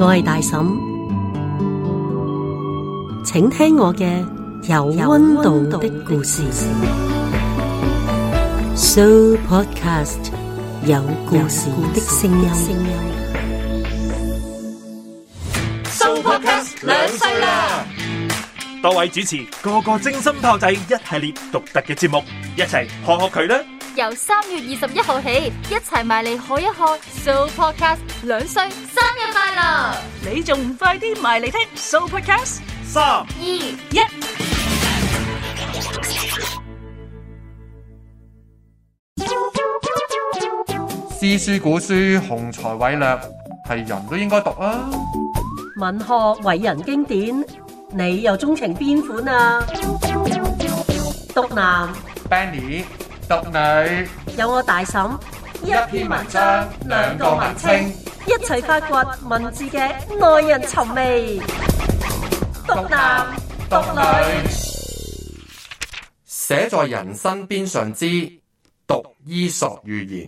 我係大沈，請聽我嘅有溫度的故事。So Podcast 有故事的聲音。So Podcast 兩歲啦！多位主持個個精心炮製一系列獨特嘅節目，一齊學學佢啦！由三月二十一號起，一齊埋嚟學一學。So Podcast 兩歲生日。你仲唔快啲埋嚟聽？Sooo Podcast 三二一，詩書古書，雄才偉略係人都應該讀啊！文學偉人經典，你又鐘情邊款啊？讀男，Benny，讀女，有我大沈，一篇文章，兩個文青。一齊發掘文字嘅耐人尋味。讀男讀女，寫在人生邊上之《讀伊索寓言》，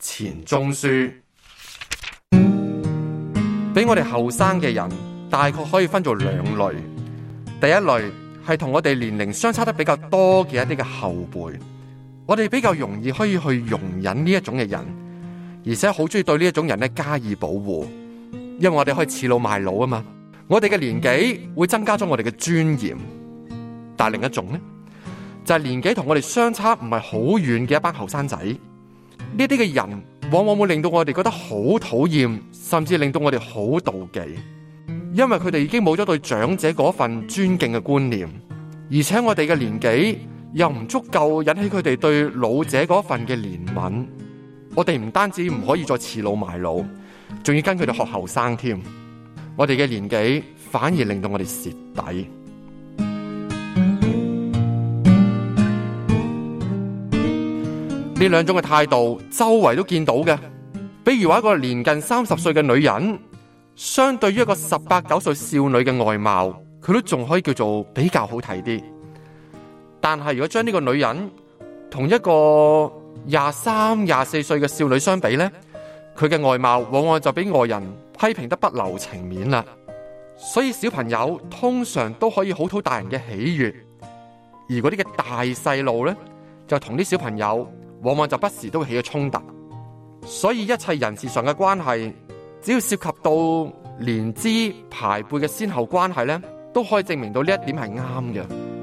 錢鍾書。比我哋後生嘅人，大概可以分做兩類。第一類係同我哋年齡相差得比較多嘅一啲嘅後輩，我哋比較容易可以去容忍呢一種嘅人。而且好中意對呢一種人咧加以保護，因為我哋可以恃老賣老啊嘛。我哋嘅年紀會增加咗我哋嘅尊嚴，但係另一種咧就係年紀同我哋相差唔係好遠嘅一班後生仔，呢啲嘅人往往會令到我哋覺得好討厭，甚至令到我哋好妒忌，因為佢哋已經冇咗對長者嗰份尊敬嘅觀念，而且我哋嘅年紀又唔足夠引起佢哋對老者嗰份嘅憐憫。我哋唔單止唔可以再倚老賣老，仲要跟佢哋學後生添。我哋嘅年紀反而令到我哋蝕底。呢 兩種嘅態度，周圍都見到嘅。比如話一個年近三十歲嘅女人，相對於一個十八九歲少女嘅外貌，佢都仲可以叫做比較好睇啲。但係如果將呢個女人同一個，廿三、廿四歲嘅少女相比呢，佢嘅外貌往往就俾外人批評得不留情面啦。所以小朋友通常都可以好討大人嘅喜悅，而嗰啲嘅大細路呢，就同啲小朋友往往就不時都會起咗衝突。所以一切人事上嘅關係，只要涉及到年資排輩嘅先後關係呢，都可以證明到呢一點係啱嘅。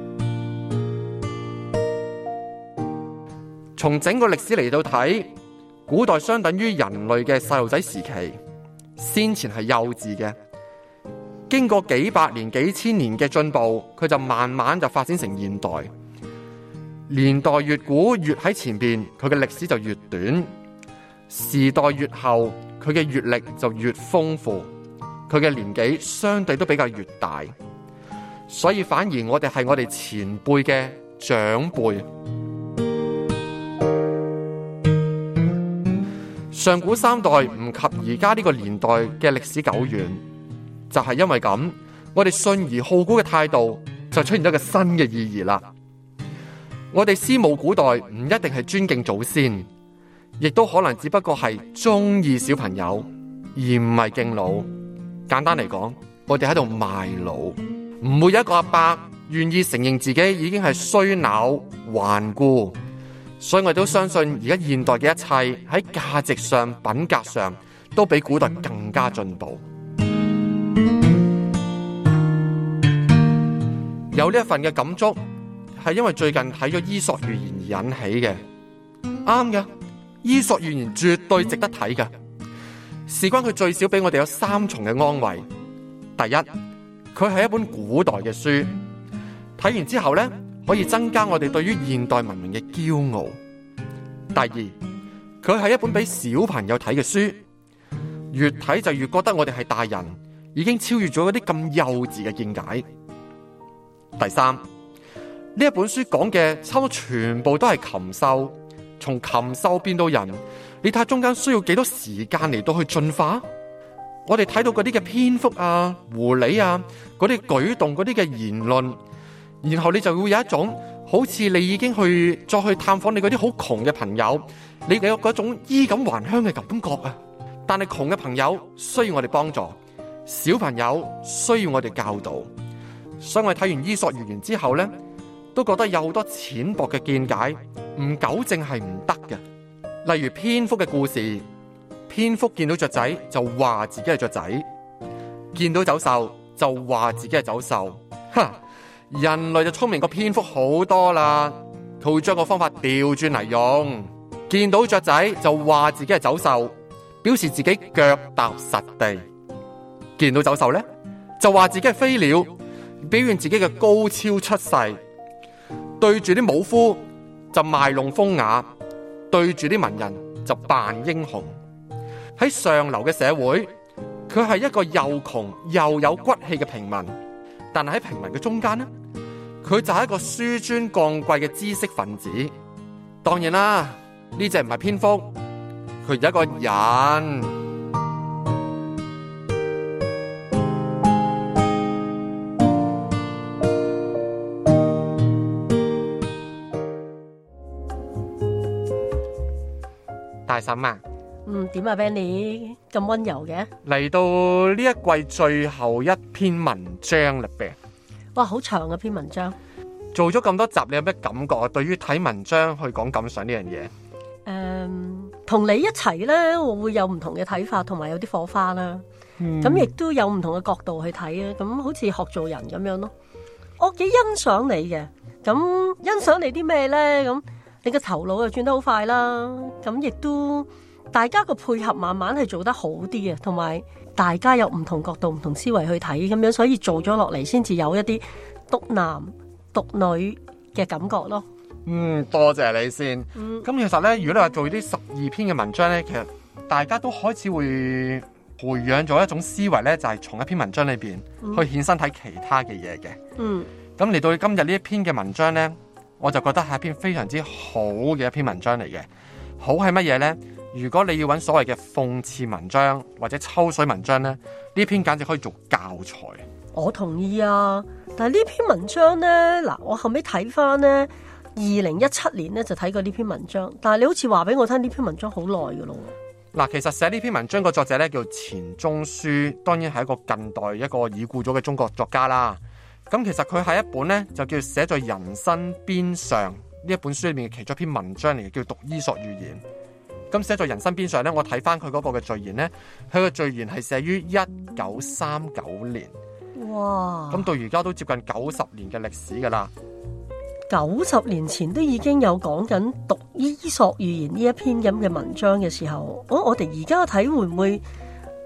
從整個歷史嚟到睇，古代相等於人類嘅細路仔時期，先前係幼稚嘅。經過幾百年、幾千年嘅進步，佢就慢慢就發展成現代。年代越古越喺前面，佢嘅歷史就越短；時代越後，佢嘅閱歷就越豐富，佢嘅年紀相對都比較越大。所以反而我哋係我哋前輩嘅長輩。上古三代唔及而家呢個年代嘅歷史久遠，就係、是、因為咁，我哋信而好古嘅態度就出現咗個新嘅意義啦。我哋思慕古代唔一定係尊敬祖先，亦都可能只不過係中意小朋友，而唔係敬老。簡單嚟講，我哋喺度賣老，唔會有一個阿伯願意承認自己已經係衰老頑固。所以我都相信而家現代嘅一切喺價值上、品格上都比古代更加進步。有呢一份嘅感觸係因為最近睇咗《伊索寓言》而引起嘅，啱嘅，《伊索寓言》絕對值得睇㗎。事關佢最少俾我哋有三重嘅安慰。第一，佢係一本古代嘅書，睇完之後呢，可以增加我哋對於現代文明嘅驕傲。第二，佢係一本俾小朋友睇嘅書，越睇就越覺得我哋係大人，已經超越咗嗰啲咁幼稚嘅見解。第三，呢一本書講嘅差唔多全部都係禽獸，從禽獸變到人，你睇下中間需要幾多時間嚟到去進化？我哋睇到嗰啲嘅蝙蝠啊、狐狸啊，嗰啲舉動、嗰啲嘅言論。然後你就會有一種好似你已經去再去探訪你嗰啲好窮嘅朋友，你有嗰種衣錦還鄉嘅感覺啊！但係窮嘅朋友需要我哋幫助，小朋友需要我哋教導。所以我睇完伊索寓言之後呢，都覺得有好多淺薄嘅見解唔糾正係唔得嘅。例如蝙蝠嘅故事，蝙蝠見到雀仔就話自己係雀仔，見到走獸就話自己係走獸，哈！人類就聰明個蝙蝠好多啦，佢會將個方法調轉嚟用。見到雀仔就話自己係走獸，表示自己腳踏實地；見到走獸咧，就話自己係飛鳥，表現自己嘅高超出世。對住啲武夫就賣弄風雅，對住啲文人就扮英雄。喺上流嘅社會，佢係一個又窮又有骨氣嘅平民。但係喺平民嘅中間呢？佢就係一個書尊降貴嘅知識分子，當然啦，呢隻唔係蝙蝠，佢係一個人。大沈啊，嗯，點啊 Benny 咁溫柔嘅，嚟到呢一季最後一篇文章啦哇，好長嘅、啊、篇文章，做咗咁多集，你有咩感覺啊？對於睇文章去講感想呢樣嘢，誒、嗯，同你一齊呢，我會有唔同嘅睇法，同埋有啲火花啦。咁、嗯、亦都有唔同嘅角度去睇啊。咁好似學做人咁樣咯。我幾欣賞你嘅，咁欣賞你啲咩呢？咁你嘅頭腦又轉得好快啦。咁亦都大家個配合慢慢係做得好啲嘅，同埋。大家有唔同角度、唔同思維去睇咁樣，所以做咗落嚟先至有一啲讀男讀女嘅感覺咯。嗯，多謝你先。咁、嗯、其實呢，如果你話做呢十二篇嘅文章呢，其實大家都開始會培養咗一種思維呢，就係、是、從一篇文章裏邊去衍生睇其他嘅嘢嘅。嗯。咁嚟到今日呢一篇嘅文章呢，我就覺得係一篇非常之好嘅一篇文章嚟嘅。好係乜嘢呢？如果你要揾所謂嘅諷刺文章或者抽水文章呢，呢篇簡直可以做教材。我同意啊，但係呢篇文章呢，嗱，我後尾睇翻呢，二零一七年呢，就睇過呢篇文章，但係你好似話俾我聽呢篇文章好耐嘅咯。嗱，其實寫呢篇文章個作者呢，叫錢鍾書，當然係一個近代一個已故咗嘅中國作家啦。咁其實佢喺一本呢，就叫做寫在人生邊上呢一本書裏面嘅其中一篇文章嚟嘅，叫讀伊索寓言。咁寫在人生邊上咧，我睇翻佢嗰個嘅序言咧，佢嘅序言係寫於一九三九年。哇！咁到而家都接近九十年嘅歷史㗎啦。九十年前都已經有講緊讀伊索寓言呢一篇咁嘅文章嘅時候，我我哋而家睇會唔會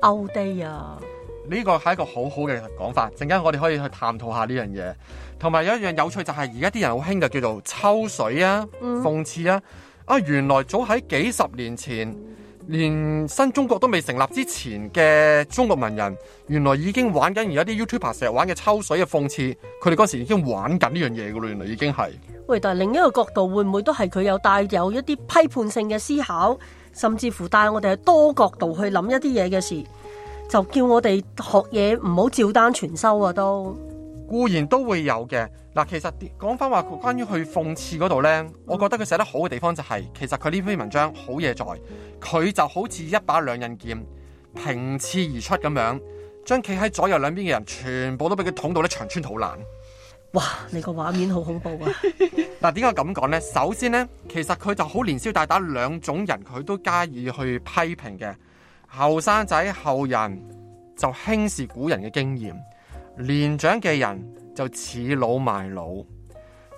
old day 啊？呢個係一個好好嘅講法，陣間我哋可以去探討下呢樣嘢。同埋有一樣有趣就係而家啲人好興嘅叫做抽水啊、嗯、諷刺啊。啊！原來早喺幾十年前，連新中國都未成立之前嘅中國文人，原來已經玩緊而家啲 YouTuber 成日玩嘅抽水嘅諷刺，佢哋嗰時已經玩緊呢樣嘢嘅嘞，原來已經係。喂，但係另一個角度，會唔會都係佢有帶有一啲批判性嘅思考，甚至乎帶我哋去多角度去諗一啲嘢嘅事，就叫我哋學嘢唔好照單全收啊！都固然都會有嘅。嗱，其實講翻話關於去諷刺嗰度呢，我覺得佢寫得好嘅地方就係，其實佢呢篇文章好嘢在，佢就好似一把兩刃劍，平刺而出咁樣，將企喺左右兩邊嘅人全部都俾佢捅到咧長穿肚爛。哇！你個畫面好恐怖啊！嗱，點解咁講呢？首先呢，其實佢就好連消帶打兩種人，佢都加以去批評嘅。後生仔後人就輕視古人嘅經驗，年長嘅人，就恃老賣老，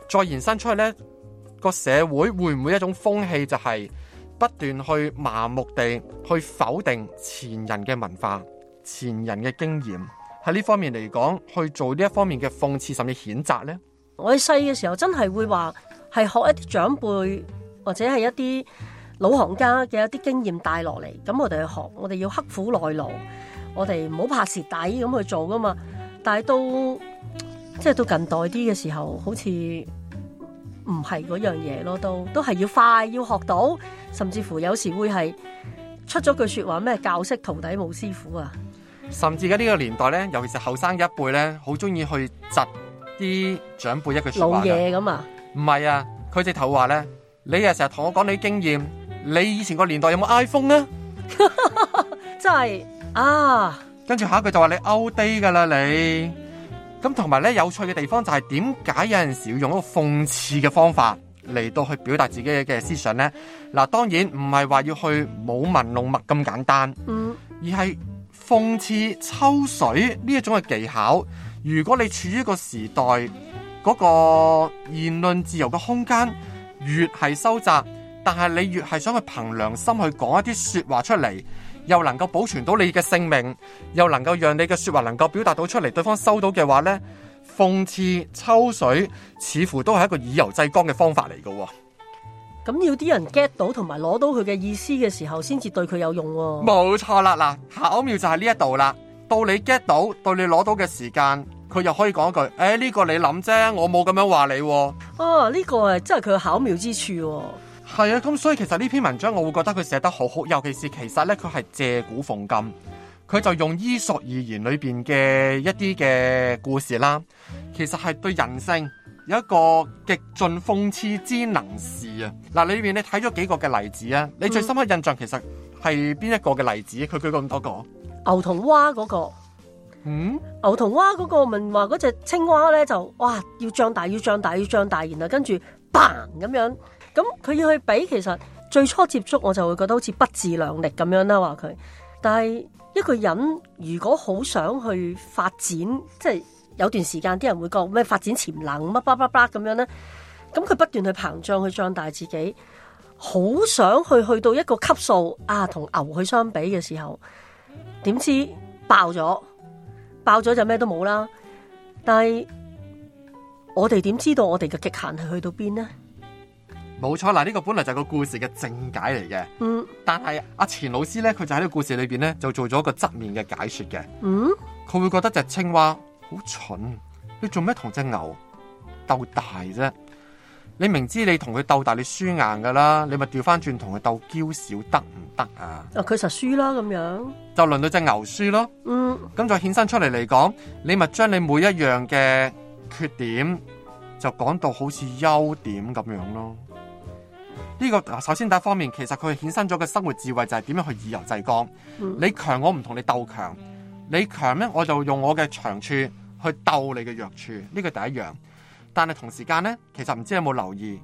再延伸出去呢個社會會唔會一種風氣就係不斷去麻木地去否定前人嘅文化、前人嘅經驗？喺呢方面嚟講，去做呢一方面嘅諷刺甚至譴責呢？我細嘅時候真係會話係學一啲長輩或者係一啲老行家嘅一啲經驗帶落嚟，咁我哋去學，我哋要刻苦耐勞，我哋唔好怕蝕底咁去做噶嘛。但係都。即係到近代啲嘅時候，好似唔係嗰樣嘢咯，都都係要快要學到，甚至乎有時會係出咗句說話咩教識徒弟冇師傅啊。甚至喺呢個年代咧，尤其是後生一輩咧，好中意去窒啲長輩一句說話嘅咁啊。唔係啊，佢隻頭話咧，你又成日同我講你經驗，你以前個年代有冇 iPhone 啊？即 係啊，跟住下一句就話你 out 啲噶啦你。咁同埋咧，有趣嘅地方就係點解有陣時要用一個諷刺嘅方法嚟到去表達自己嘅思想呢？嗱，當然唔係話要去舞文弄墨咁簡單，而係諷刺抽水呢一種嘅技巧。如果你處於一個時代嗰個言論自由嘅空間越係收窄，但係你越係想去憑良心去講一啲說話出嚟。又能夠保存到你嘅性命，又能夠讓你嘅說話能夠表達到出嚟，對方收到嘅話呢，諷「諷刺抽水似乎都係一個以柔制剛嘅方法嚟嘅，哦。咁要啲人 get 到同埋攞到佢嘅意思嘅時候，先至對佢有用，哦。冇錯了啦，嗱，巧妙就係呢一度啦，到你 get 到，到你攞到嘅時間，佢又可以講句，誒、哎、呢、這個你諗啫，我冇咁樣話你。哦，呢、啊這個真係佢巧妙之處，哦。係啊，咁所以其實呢篇文章我會覺得佢寫得好好，尤其是其實咧佢係借古諷今，佢就用伊索寓言裏邊嘅一啲嘅故事啦，其實係對人性有一個極盡諷刺之能事啊！嗱，裏邊你睇咗幾個嘅例子啊？你最深刻印象其實係邊一個嘅例子？佢舉過咁多個？牛同蛙嗰個？嗯，牛同蛙嗰個咪話嗰隻青蛙咧就哇要長大要長大要長大，然後跟住嘭咁樣。咁佢要去比，其實最初接觸我就會覺得好似不自量力咁樣啦。話佢，但係一個人如果好想去發展，即係有段時間啲人會講咩發展潛能乜乜乜乜咁樣呢？咁佢不斷去膨脹去壯大自己，好想去去到一個級數啊，同牛去相比嘅時候，點知爆咗，爆咗就咩都冇啦。但係我哋點知道我哋嘅極限係去到邊呢？冇錯，嗱、這、呢個本嚟就係個故事嘅正解嚟嘅。嗯，但係阿錢老師咧，佢就喺個故事裏邊咧，就做咗個側面嘅解說嘅。嗯，佢會覺得隻青蛙好蠢，你做咩同隻牛鬥大啫？你明知你同佢鬥大，你輸硬噶啦，你咪調翻轉同佢鬥嬌小得唔得啊？啊，佢實輸啦咁樣，就輪到隻牛輸咯。嗯，咁再衍生出嚟嚟講，你咪將你每一樣嘅缺點就講到好似優點咁樣咯。呢、個首先第一方面，其實佢衍生咗嘅生活智慧就係點樣去以柔制剛。你強，我唔同你鬥強；你強呢，我就用我嘅長處去鬥你嘅弱處。呢、個第一樣，但係同時間呢，其實唔知你有冇留意，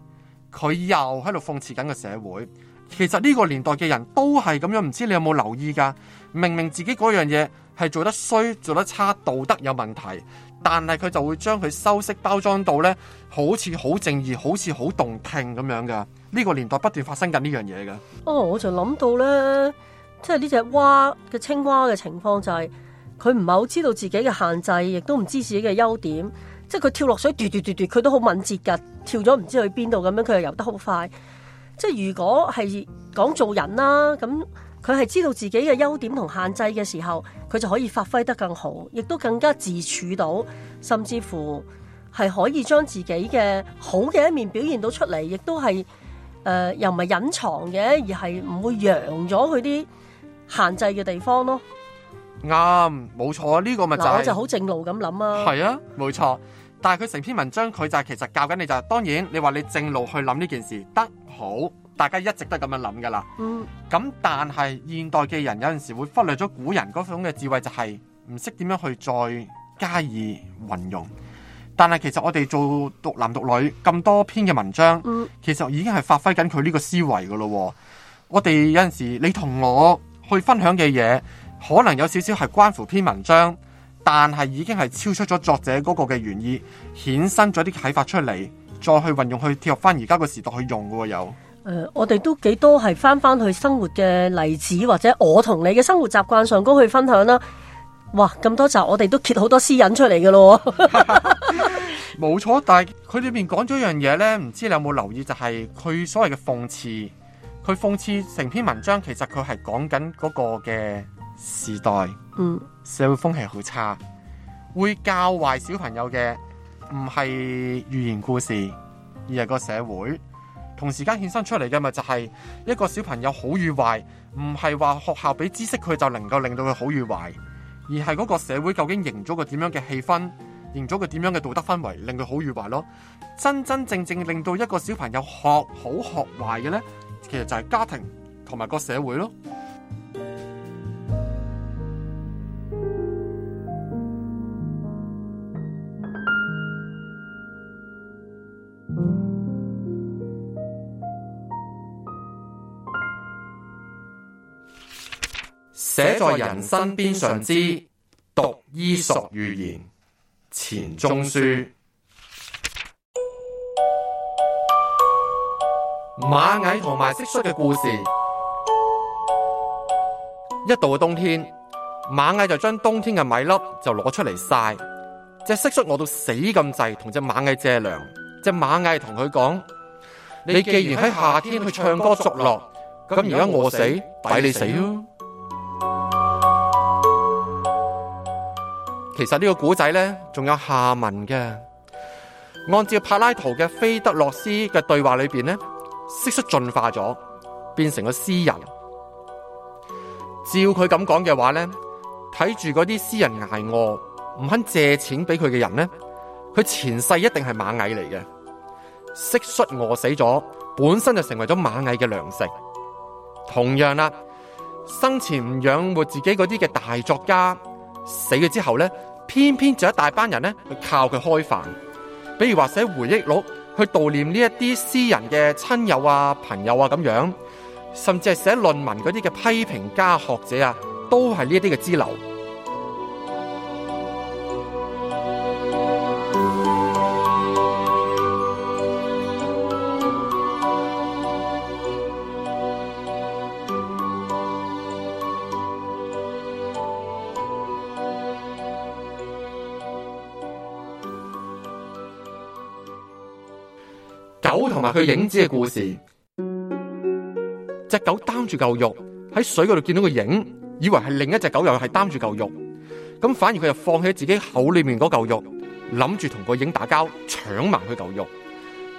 佢又喺度諷刺緊個社會。其實呢個年代嘅人都係咁樣，唔知你有冇留意噶？明明自己嗰樣嘢係做得衰、做得差、道德有問題，但係佢就會將佢修飾包裝到呢，好似好正義、好似好動聽咁樣嘅。呢個年代不斷發生緊呢樣嘢嘅，哦，我就諗到咧，即係呢隻蛙嘅，青蛙嘅情況就係佢唔係好知道自己嘅限制，亦都唔知自己嘅優點。即係佢跳落水，嘟嘟嘟嘟，佢都好敏捷噶跳咗唔知去邊度咁樣，佢又游得好快。即係如果係講做人啦，咁佢係知道自己嘅優點同限制嘅時候，佢就可以發揮得更好，亦都更加自處到，甚至乎係可以將自己嘅好嘅一面表現到出嚟，亦都係。誒、呃，又唔係隱藏嘅，而係唔會揚咗佢啲限制嘅地方咯。啱、嗯，冇錯，呢個咪就係、是、我就好正路咁諗啊。係啊，冇錯。但係佢成篇文章，佢就係其實教緊你就係、是，當然你話你正路去諗呢件事得好，大家一直都咁樣諗噶啦。嗯。咁但係現代嘅人有陣時會忽略咗古人嗰種嘅智慧，就係唔識點樣去再加以運用。但係其實我哋做讀男讀女咁多篇嘅文章，其實已經係發揮緊佢呢個思維噶咯。我哋有陣時你同我去分享嘅嘢，可能有少少係關乎篇文章，但係已經係超出咗作者嗰個嘅原意，衍生咗啲啟發出嚟，再去運用去貼合翻而家個時代去用嘅又。誒、呃，我哋都幾多係翻翻去生活嘅例子，或者我同你嘅生活習慣上高去分享啦。哇！咁多集，我哋都揭好多私隱出嚟噶咯。冇 錯， 但係佢裏面講咗一樣嘢呢。唔知你有冇留意？就係、是、佢所謂嘅諷刺，佢諷刺成篇文章，其實佢係講緊嗰個嘅時代，嗯，社會風氣好差，會教壞小朋友嘅，唔係寓言故事，而係個社會。同時間衍生出嚟嘅咪就係一個小朋友好與壞，唔係話學校俾知識佢就能夠令到佢好與壞。而係嗰個社會究竟營咗個點樣嘅氣氛，營咗個點樣嘅道德氛圍，令佢好與壞咯。真真正正令到一個小朋友學好學壞嘅呢，其實就係家庭同埋個社會咯。在人生邊上之讀伊索寓言，錢鍾書。螞蟻同埋蟋蟀嘅故事。一到嘅冬天，螞蟻就將冬天嘅米粒就攞出嚟晒，隻蟋蟀餓到死咁滯，同隻螞蟻借糧。隻螞蟻同佢講：你既然喺夏天去唱歌作樂，咁而家餓死抵、啊、你死咯、啊。其實呢個古仔咧，仲有下文嘅。按照柏拉圖嘅《菲德洛斯》嘅對話裏邊呢，蟋蟀進化咗，變成咗詩人。照佢咁講嘅話咧，睇住嗰啲詩人挨餓唔肯借錢俾佢嘅人呢，佢前世一定係螞蟻嚟嘅。蟋蟀餓死咗，本身就成為咗螞蟻嘅糧食。同樣啦，生前唔養活自己嗰啲嘅大作家，死咗之後咧。偏偏就一大班人咧，去靠佢開飯，比如話寫回憶錄去悼念呢一啲私人嘅親友啊、朋友啊咁樣，甚至係寫論文嗰啲嘅批評家、學者啊，都係呢一啲嘅支流。佢影子嘅故事，隻、那個、狗擔住嚿肉喺水嗰度見到個影，以為係另一隻狗又係擔住嚿肉，咁反而佢又放棄自己口裏面嗰嚿肉，諗住同個影打交搶埋佢嚿肉，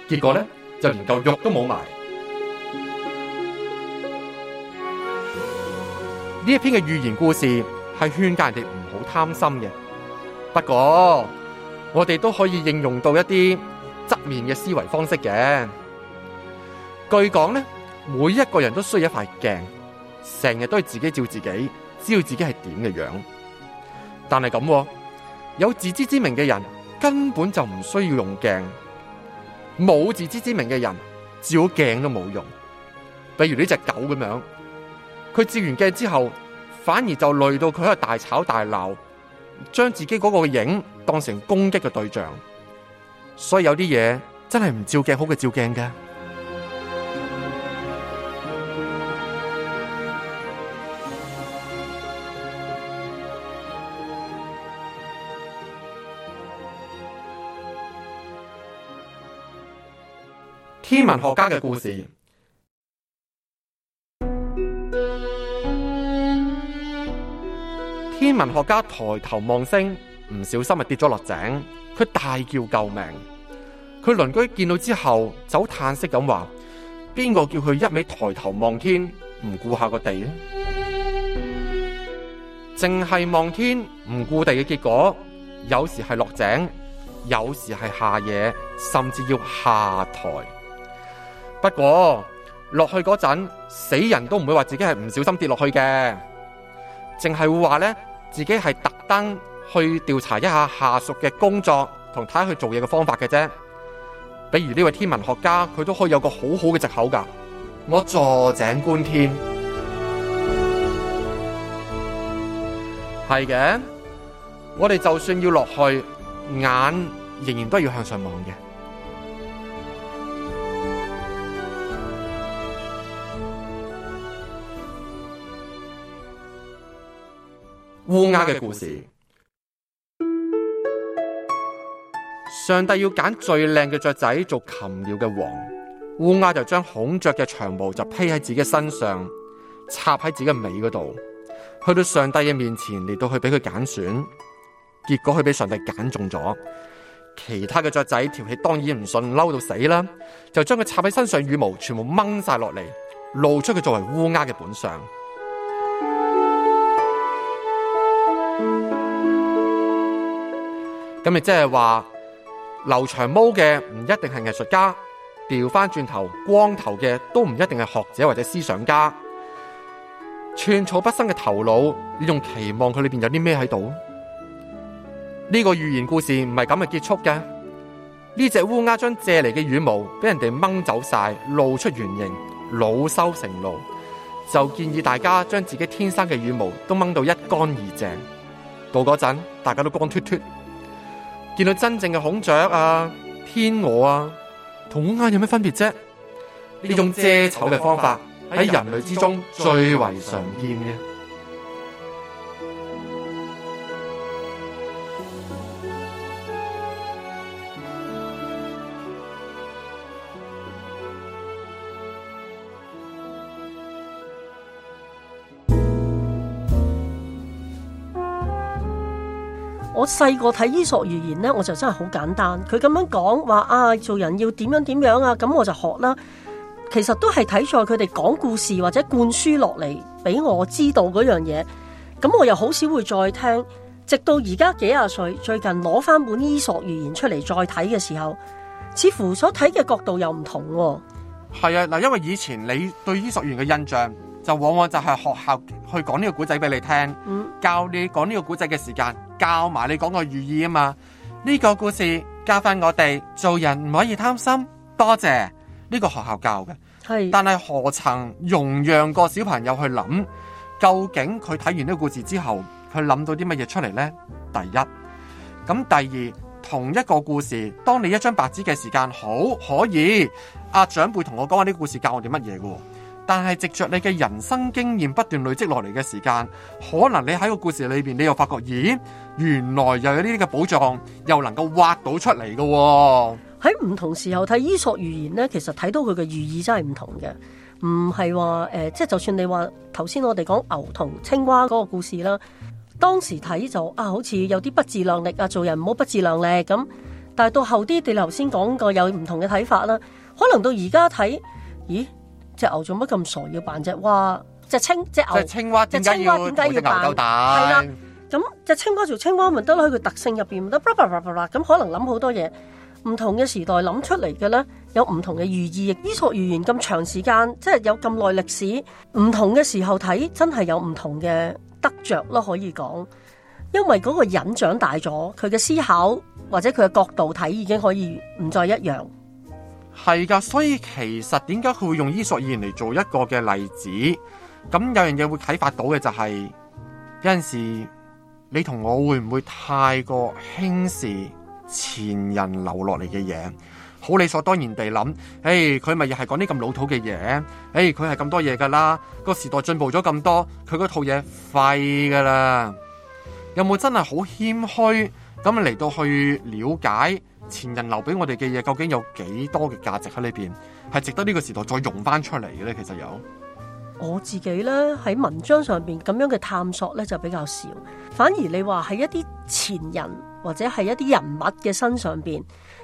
結果咧就連嚿肉都冇埋。呢 一篇嘅寓言故事係勸誡人哋唔好貪心嘅，不過我哋都可以應用到一啲。側面嘅思維方式嘅，據講咧，每一個人都需要一塊鏡，成日都係自己照自己，知道自己係點嘅樣。但係咁啊，有自知之明嘅人根本就唔需要用鏡，冇自知之明嘅人照鏡都冇用。比如呢隻狗咁樣，佢照完鏡之後，反而就累到佢喺度大吵大鬧，將自己嗰個影當成攻擊嘅對象。所以有啲嘢真係唔照鏡好過，照鏡㗎。天文學家嘅故事，天文學家抬頭望星。唔小心係跌咗落井，佢大叫救命。佢鄰居見到之後就，就嘆息咁話：邊個叫佢一味抬頭望天，唔顧下個地咧？淨係望天唔顧地嘅結果，有時係落井，有時係下嘢，甚至要下台。不過落去嗰陣，死人都唔會話自己係唔小心跌落去嘅，淨係會話咧自己係特登。去調查一下下屬嘅工作，同睇佢做嘢嘅方法嘅啫。比如呢位天文學家，佢都可以有個好好嘅藉口㗎。我坐井觀天，係嘅。我哋就算要落去，眼仍然都要向上望嘅。烏鴉嘅故事。上帝要揀最靚嘅雀仔做禽鳥嘅王，烏鴉就將孔雀嘅長毛就披喺自己身上，插喺自己嘅尾嗰度，去到上帝嘅面前嚟到去俾佢揀選，選，結果佢俾上帝揀中咗，其他嘅雀仔條氣當然唔順，嬲到死啦，就將佢插喺身上羽毛全部掹晒落嚟，露出佢作為烏鴉嘅本相。咁咪即係話？留長毛嘅唔一定係藝術家，調返轉頭，光頭嘅都唔一定係學者或者思想家。寸草不生嘅頭腦，你仲期望佢裏邊有啲咩喺度？呢、這個寓言故事唔係咁嘅結束嘅。呢隻烏鴉將借嚟嘅羽毛俾人哋掹走晒，露出原形，惱羞成怒，就建議大家將自己天生嘅羽毛都掹到一乾二淨。到嗰陣，大家都光脫脫。見到真正嘅孔雀啊、天鵝啊，同烏鴉有咩分別啫？呢種遮醜嘅方法喺人類之中最為常見嘅。細個睇伊索寓言咧，我就真係好簡單。佢咁樣講話啊，做人要點樣點樣啊，咁我就學啦。其實都係睇在佢哋講故事或者灌輸落嚟俾我知道嗰樣嘢。咁我又好少會再聽，直到而家幾廿歲，最近攞翻本伊索寓言出嚟再睇嘅時候，似乎所睇嘅角度又唔同喎。係啊，嗱，因為以前你對伊索寓言嘅印象，就往往就係學校去講呢個古仔俾你聽，嗯、教你講呢個古仔嘅時間。教埋你講個寓意啊嘛，呢、這個故事教翻我哋做人唔可以貪心，多謝呢、這個學校教嘅。係，但係何曾容讓個小朋友去諗，究竟佢睇完呢個故事之後，佢諗到啲乜嘢出嚟呢？第一，咁第二，同一個故事，當你一張白紙嘅時間好可以，阿、啊、長輩同我講下呢個故事教我哋乜嘢喎？」但係藉着你嘅人生經驗不斷累積落嚟嘅時間，可能你喺個故事裏邊，你又發覺，咦，原來又有呢啲嘅寶藏，又能夠挖到出嚟嘅喎。喺唔同時候睇伊索寓言呢，其實睇到佢嘅寓意真係唔同嘅，唔係話誒，即、呃、係就算你話頭先我哋講牛同青蛙嗰個故事啦，當時睇就啊，好似有啲不自量力啊，做人唔好不自量力咁。但係到後啲，你頭先講過有唔同嘅睇法啦，可能到而家睇，咦？隻牛做乜咁傻要扮啫？哇！隻青隻牛，隻青蛙點解要點解要扮？係啦，咁隻青蛙做青蛙咪得咯，佢個特性入邊咪得。咁可能諗好多嘢，唔同嘅時代諗出嚟嘅咧，有唔同嘅寓意。伊索寓言咁長時間，即係有咁耐歷史，唔同嘅時候睇，真係有唔同嘅得着咯，可以講。因為嗰個人長大咗，佢嘅思考或者佢嘅角度睇已經可以唔再一樣。係噶，所以其實點解佢會用伊索寓言嚟做一個嘅例子？咁有樣嘢會啟發到嘅就係、是，有陣時你同我會唔會太過輕視前人留落嚟嘅嘢？好理所當然地諗，誒，佢咪又係講啲咁老土嘅嘢？誒，佢係咁多嘢噶啦，個時代進步咗咁多，佢嗰套嘢廢噶啦。有冇真係好謙虛咁嚟到去了解？前人留俾我哋嘅嘢，究竟有幾多嘅價值喺裏邊，係值得呢個時代再用翻出嚟嘅咧？其實有我自己咧喺文章上邊咁樣嘅探索咧就比較少，反而你話喺一啲前人或者係一啲人物嘅身上邊，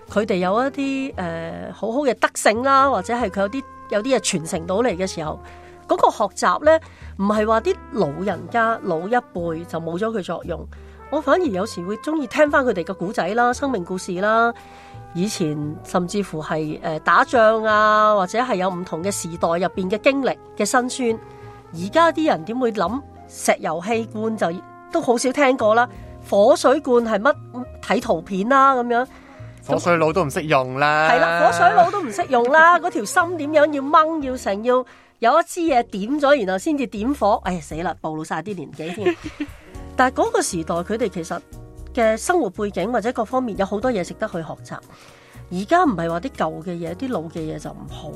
佢哋有一啲誒、呃、好好嘅德性啦，或者係佢有啲有啲嘢傳承到嚟嘅時候，嗰個學習咧唔係話啲老人家老一輩就冇咗佢作用。我反而有時會中意聽翻佢哋嘅古仔啦、生命故事啦、以前甚至乎係誒、呃、打仗啊，或者係有唔同嘅時代入邊嘅經歷嘅辛酸。而家啲人點會諗石油氣罐就都好少聽過啦，火水罐係乜睇圖片啦、啊、咁樣，火水佬都唔識用啦。係啦，火水佬都唔識用啦，嗰 條心點樣要掹要成要有一支嘢點咗，然後先至點火。哎死啦，暴露晒啲年紀添。 但係嗰個時代，佢哋其實嘅生活背景或者各方面有好多嘢值得去學習。而家唔係話啲舊嘅嘢，啲老嘅嘢就唔好。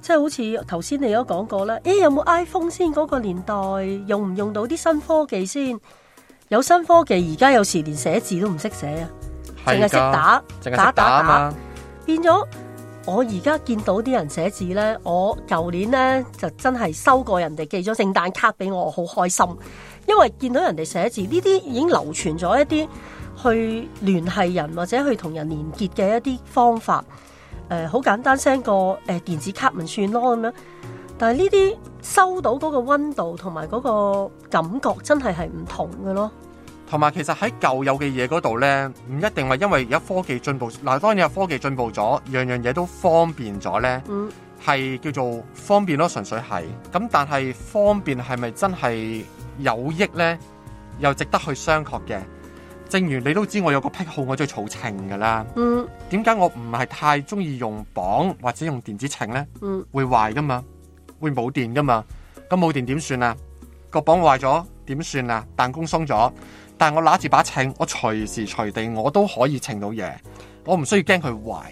即係好似頭先你都講過啦，咦、欸、有冇 iPhone 先？嗰個年代用唔用到啲新科技先？有新科技，而家有時連寫字都唔識寫啊，淨係識打，淨係打打，打啊嘛。變咗我而家見到啲人寫字呢，我舊年呢就真係收過人哋寄咗聖誕卡俾我，好開心。因為見到人哋寫字，呢啲已經流傳咗一啲去聯繫人或者去同人連結嘅一啲方法。呃、很誒，好簡單，send 個誒電子卡 a 文算咯咁樣。但係呢啲收到嗰個溫度同埋嗰個感覺，真係係唔同嘅咯。同埋其實喺舊有嘅嘢嗰度咧，唔一定話因為而家科技進步。嗱，當然有科技進步咗，樣樣嘢都方便咗咧。嗯，係叫做方便咯，純粹係。咁但係方便係咪真係？有益咧，又值得去商榷嘅。正如你都知，我有個癖好，我最儲秤噶啦。嗯，點解我唔係太中意用磅或者用電子秤咧？嗯，會壞噶嘛，會冇電噶嘛。咁冇電點算啊？個磅壞咗點算啊？彈弓鬆咗，但係我攞住把秤，我隨時隨地我都可以稱到嘢，我唔需要驚佢壞。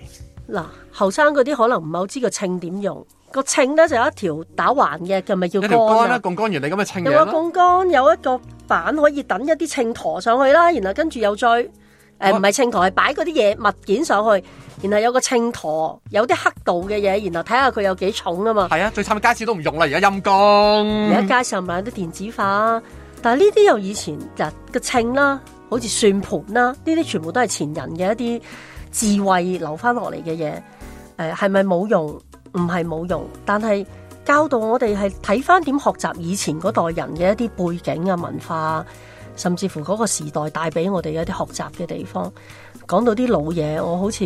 嗱，後生嗰啲可能唔係好知個秤點用。那個秤咧就有一條打橫嘅，佢咪叫杆咧、啊？條杆啦，槓杆原理咁嘅秤有個槓杆，有一個板可以等一啲秤砣上去啦，然後跟住又再誒唔係秤砣，係擺嗰啲嘢物件上去，然後有個秤砣，有啲刻度嘅嘢，然後睇下佢有幾重啊嘛。係啊，最慘嘅街市都唔用啦，而家陰公。而家街上咪有啲電子化，但係呢啲又以前就個秤啦，好似算盤啦，呢啲全部都係前人嘅一啲智慧留翻落嚟嘅嘢。誒、呃，係咪冇用？唔係冇用，但係教到我哋係睇翻點學習以前嗰代人嘅一啲背景啊、文化，甚至乎嗰個時代帶俾我哋一啲學習嘅地方。講到啲老嘢，我好似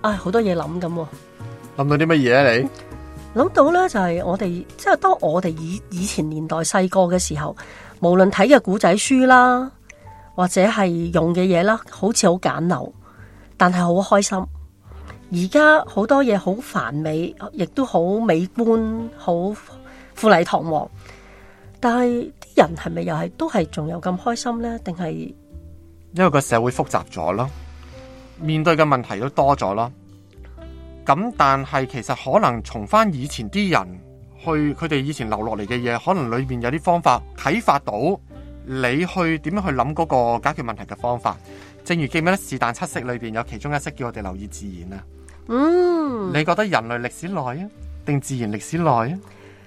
啊好多嘢諗咁，諗到啲乜嘢啊？你諗到呢就係我哋即係當我哋以以前年代細個嘅時候，無論睇嘅古仔書啦，或者係用嘅嘢啦，好似好簡陋，但係好開心。而家好多嘢好繁美，亦都好美觀，好富麗堂皇。但係啲人係咪又係都係仲有咁開心呢？定係因為個社會複雜咗咯，面對嘅問題都多咗咯。咁但係其實可能從翻以前啲人去佢哋以前留落嚟嘅嘢，可能裏面有啲方法啟發到你去點樣去諗嗰個解決問題嘅方法。正如記唔記得是但七色裏邊有其中一式叫我哋留意自然啊？嗯，你覺得人類歷史耐啊，定自然歷史耐啊？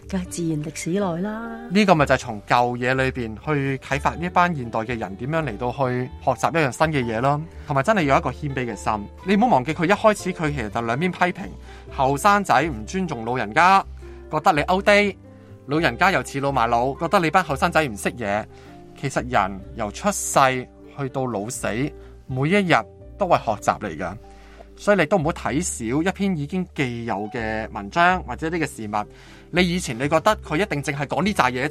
梗係自然歷史耐啦。呢個咪就係從舊嘢裏邊去啟發呢班現代嘅人點樣嚟到去學習一樣新嘅嘢咯，同埋真係有一個謙卑嘅心。你唔好忘記佢一開始佢其實就兩邊批評後生仔唔尊重老人家，覺得你 outdated，老人家又似老賣老，覺得你班後生仔唔識嘢。其實人由出世去到老死，每一日都係學習嚟噶。所以你都唔好睇少一篇已經既有嘅文章或者呢個事物，你以前你覺得佢一定淨係講呢扎嘢啫。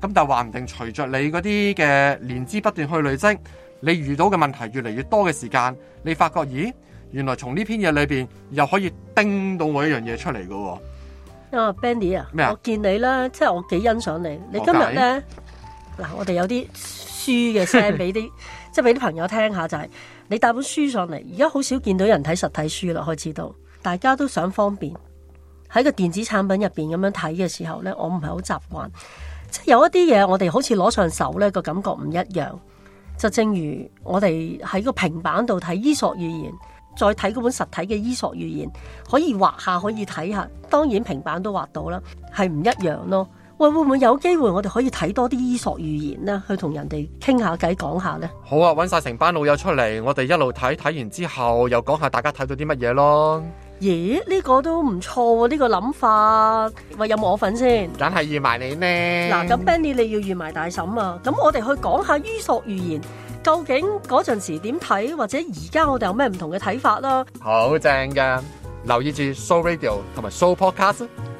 咁但係話唔定隨着你嗰啲嘅年資不斷去累積，你遇到嘅問題越嚟越多嘅時間，你發覺咦，原來從呢篇嘢裏邊又可以叮到我一樣嘢出嚟嘅喎。啊 Benny 啊，我見你啦，即係我幾欣賞你。你今日咧嗱，我哋有啲書嘅聲俾啲。 即係俾啲朋友聽下，就係你帶本書上嚟，而家好少見到人睇實體書啦。開始到大家都想方便喺個電子產品入邊咁樣睇嘅時候咧，我唔係好習慣。即係有一啲嘢，我哋好似攞上手咧個感覺唔一樣。就正如我哋喺個平板度睇《伊索寓言》，再睇嗰本實體嘅《伊索寓言》，可以畫下，可以睇下。當然平板都畫到啦，係唔一樣咯。會唔會有機會我哋可以睇多啲伊索寓言啦，去同人哋傾下偈講下咧？好啊，搵晒成班老友出嚟，我哋一路睇睇完之後，又講下大家睇到啲乜嘢咯。咦？呢、這個都唔錯喎、啊，呢、這個諗法。喂，有冇我份先？梗係預埋你咧。嗱，咁 Benny 你要預埋大沈啊。咁我哋去講下伊索寓言，究竟嗰陣時點睇，或者而家我哋有咩唔同嘅睇法啦、啊。好正㗎，留意住 Show Radio 同埋 Show Podcast。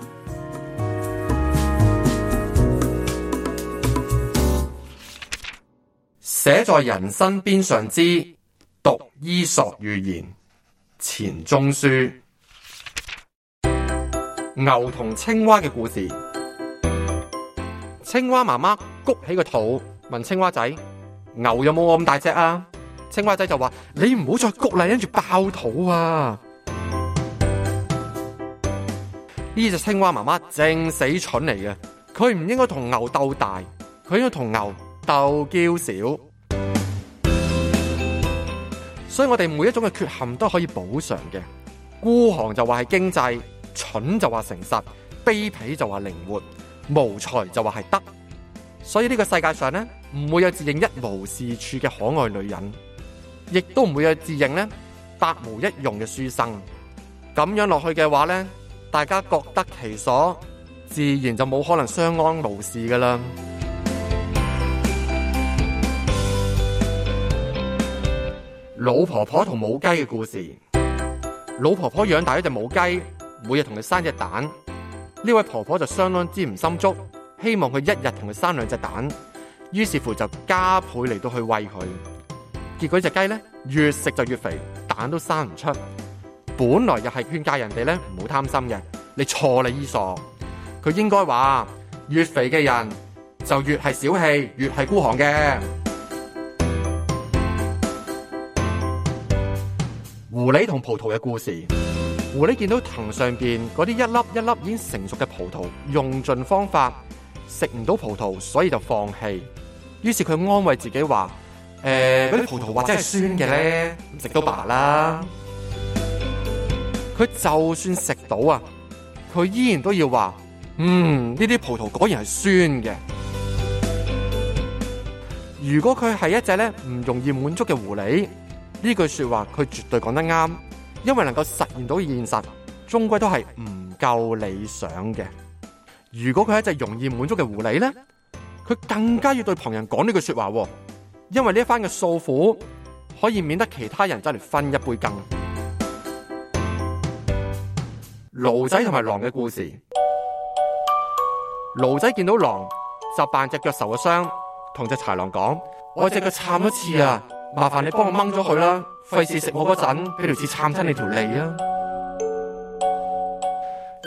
寫在人生邊上之讀伊索寓言，錢鍾書，牛同青蛙嘅故事。青蛙媽媽谷起個肚，問青蛙仔：牛有冇我咁大隻啊？青蛙仔就話：你唔好再谷啦，跟住爆肚啊！呢隻青蛙媽媽正死蠢嚟嘅，佢唔應該同牛鬥大，佢應該同牛鬥嬌小。所以我哋每一種嘅缺陷，都可以補償嘅，孤寒就話係經濟，蠢就話誠實，卑鄙就話靈活，無才就話係德。所以呢個世界上呢，唔會有自認一無是處嘅可愛女人，亦都唔會有自認咧百無一用嘅書生。咁樣落去嘅話呢，大家各得其所，自然就冇可能相安無事㗎喇。老婆婆同母雞嘅故事，老婆婆養大一隻母雞，每日同佢生隻蛋。呢位婆婆就相當之唔心足，希望佢一日同佢生兩隻蛋，於是乎就加倍嚟到去餵佢。結果隻雞咧越食就越肥，蛋都生唔出。本來又係勸誡人哋咧唔好貪心嘅，你錯啦，伊傻伊索。佢應該話越肥嘅人就越係小氣，越係孤寒嘅。狐狸同葡萄嘅故事，狐狸見到藤上邊嗰啲一粒一粒已經成熟嘅葡萄，用盡方法食唔到葡萄，所以就放棄。於是佢安慰自己話：誒、欸，嗰啲葡萄或者係酸嘅咧，唔食都罷啦。佢就算食到啊，佢依然都要話：嗯，呢啲葡萄果然係酸嘅。如果佢係一隻咧唔容易滿足嘅狐狸。呢句說話佢絕對講得啱，因為能夠實現到現實，終歸都係唔夠理想嘅。如果佢係一隻容易滿足嘅狐狸咧，佢更加要對旁人講呢句說話，因為呢一番嘅訴苦可以免得其他人真係分一杯羹。驢仔同埋狼嘅故事，驢仔見到狼就扮隻腳受咗傷，同隻豺狼講：我隻腳慘一次啊！麻煩你幫我掹咗佢啦，費事食我嗰陣俾條刺撐親你條脷啊！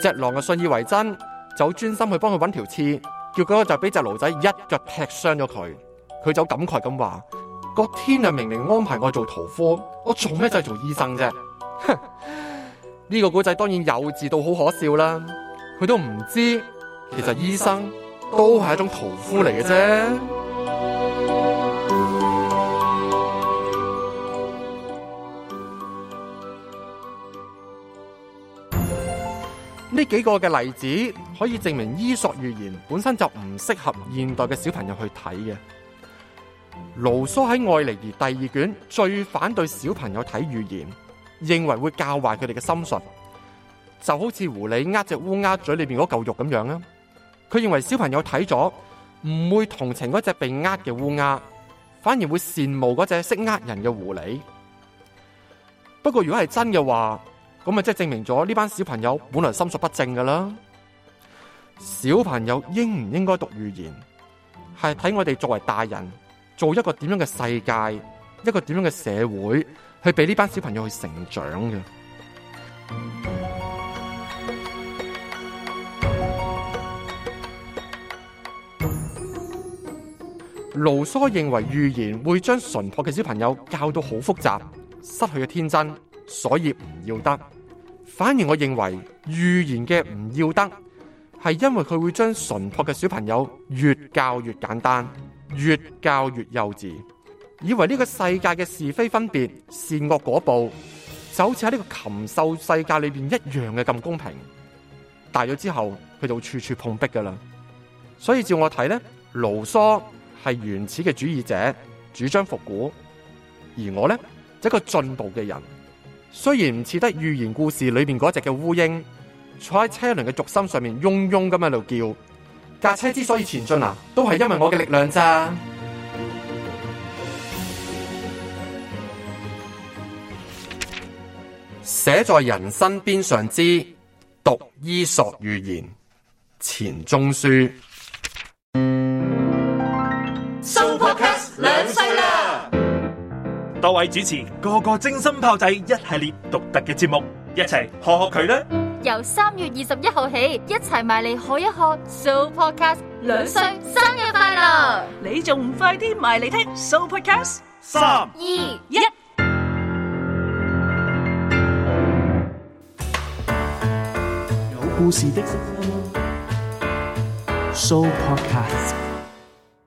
隻狼就信以為真，就專心去幫佢搵條刺，結果就俾隻驢仔一腳劈傷咗佢。佢就感慨咁話：嗯，個天啊，明明安排我做屠夫，我做咩就係做醫生啫？呢個古仔當然幼稚到好可笑啦，佢都唔知其實醫生都係一種屠夫嚟嘅啫。呢幾個嘅例子可以證明，伊索寓言本身就唔適合現代嘅小朋友去睇嘅。盧梭喺《愛彌兒》第二卷最反對小朋友睇寓言，認為會教壞佢哋嘅心術，就好似狐狸呃隻烏鴉嘴裏面嗰嚿肉咁樣啦。佢認為小朋友睇咗唔會同情嗰隻被呃嘅烏鴉，反而會羨慕嗰隻識呃人嘅狐狸。不過如果係真嘅話，咁啊，即係證明咗呢班小朋友本來是心術不正噶啦。小朋友應唔應該讀寓言？係睇我哋作為大人做一個點樣嘅世界，一個點樣嘅社會去俾呢班小朋友去成長嘅。盧梭認為寓言會將純樸嘅小朋友教到好複雜，失去嘅天真，所以唔要得。反而我認為寓言嘅唔要得，係因為佢會將純樸嘅小朋友越教越簡單，越教越幼稚，以為呢個世界嘅是非分別、善惡果報，就好似喺呢個禽獸世界裏邊一樣嘅咁公平。大咗之後，佢就處處碰壁噶啦。所以照我睇呢，盧梭係原始嘅主義者，主張復古；而我呢，就一個進步嘅人。雖然唔似得寓言故事裏面嗰隻嘅烏蠅坐喺車輪嘅軸心上面嗡嗡咁喺度叫，架車之所以前進啊，都係因為我嘅力量咋。寫在人生邊上之《讀伊索寓言》，錢鍾書。各位主持個個精心炮製一系列獨特嘅節目，一齊學學佢啦！由三月二十一號起，一齊埋嚟學一學。So Podcast 兩歲生日快樂！你仲唔快啲埋嚟聽？So Podcast 三二一，有故事的聲音。So Podcast。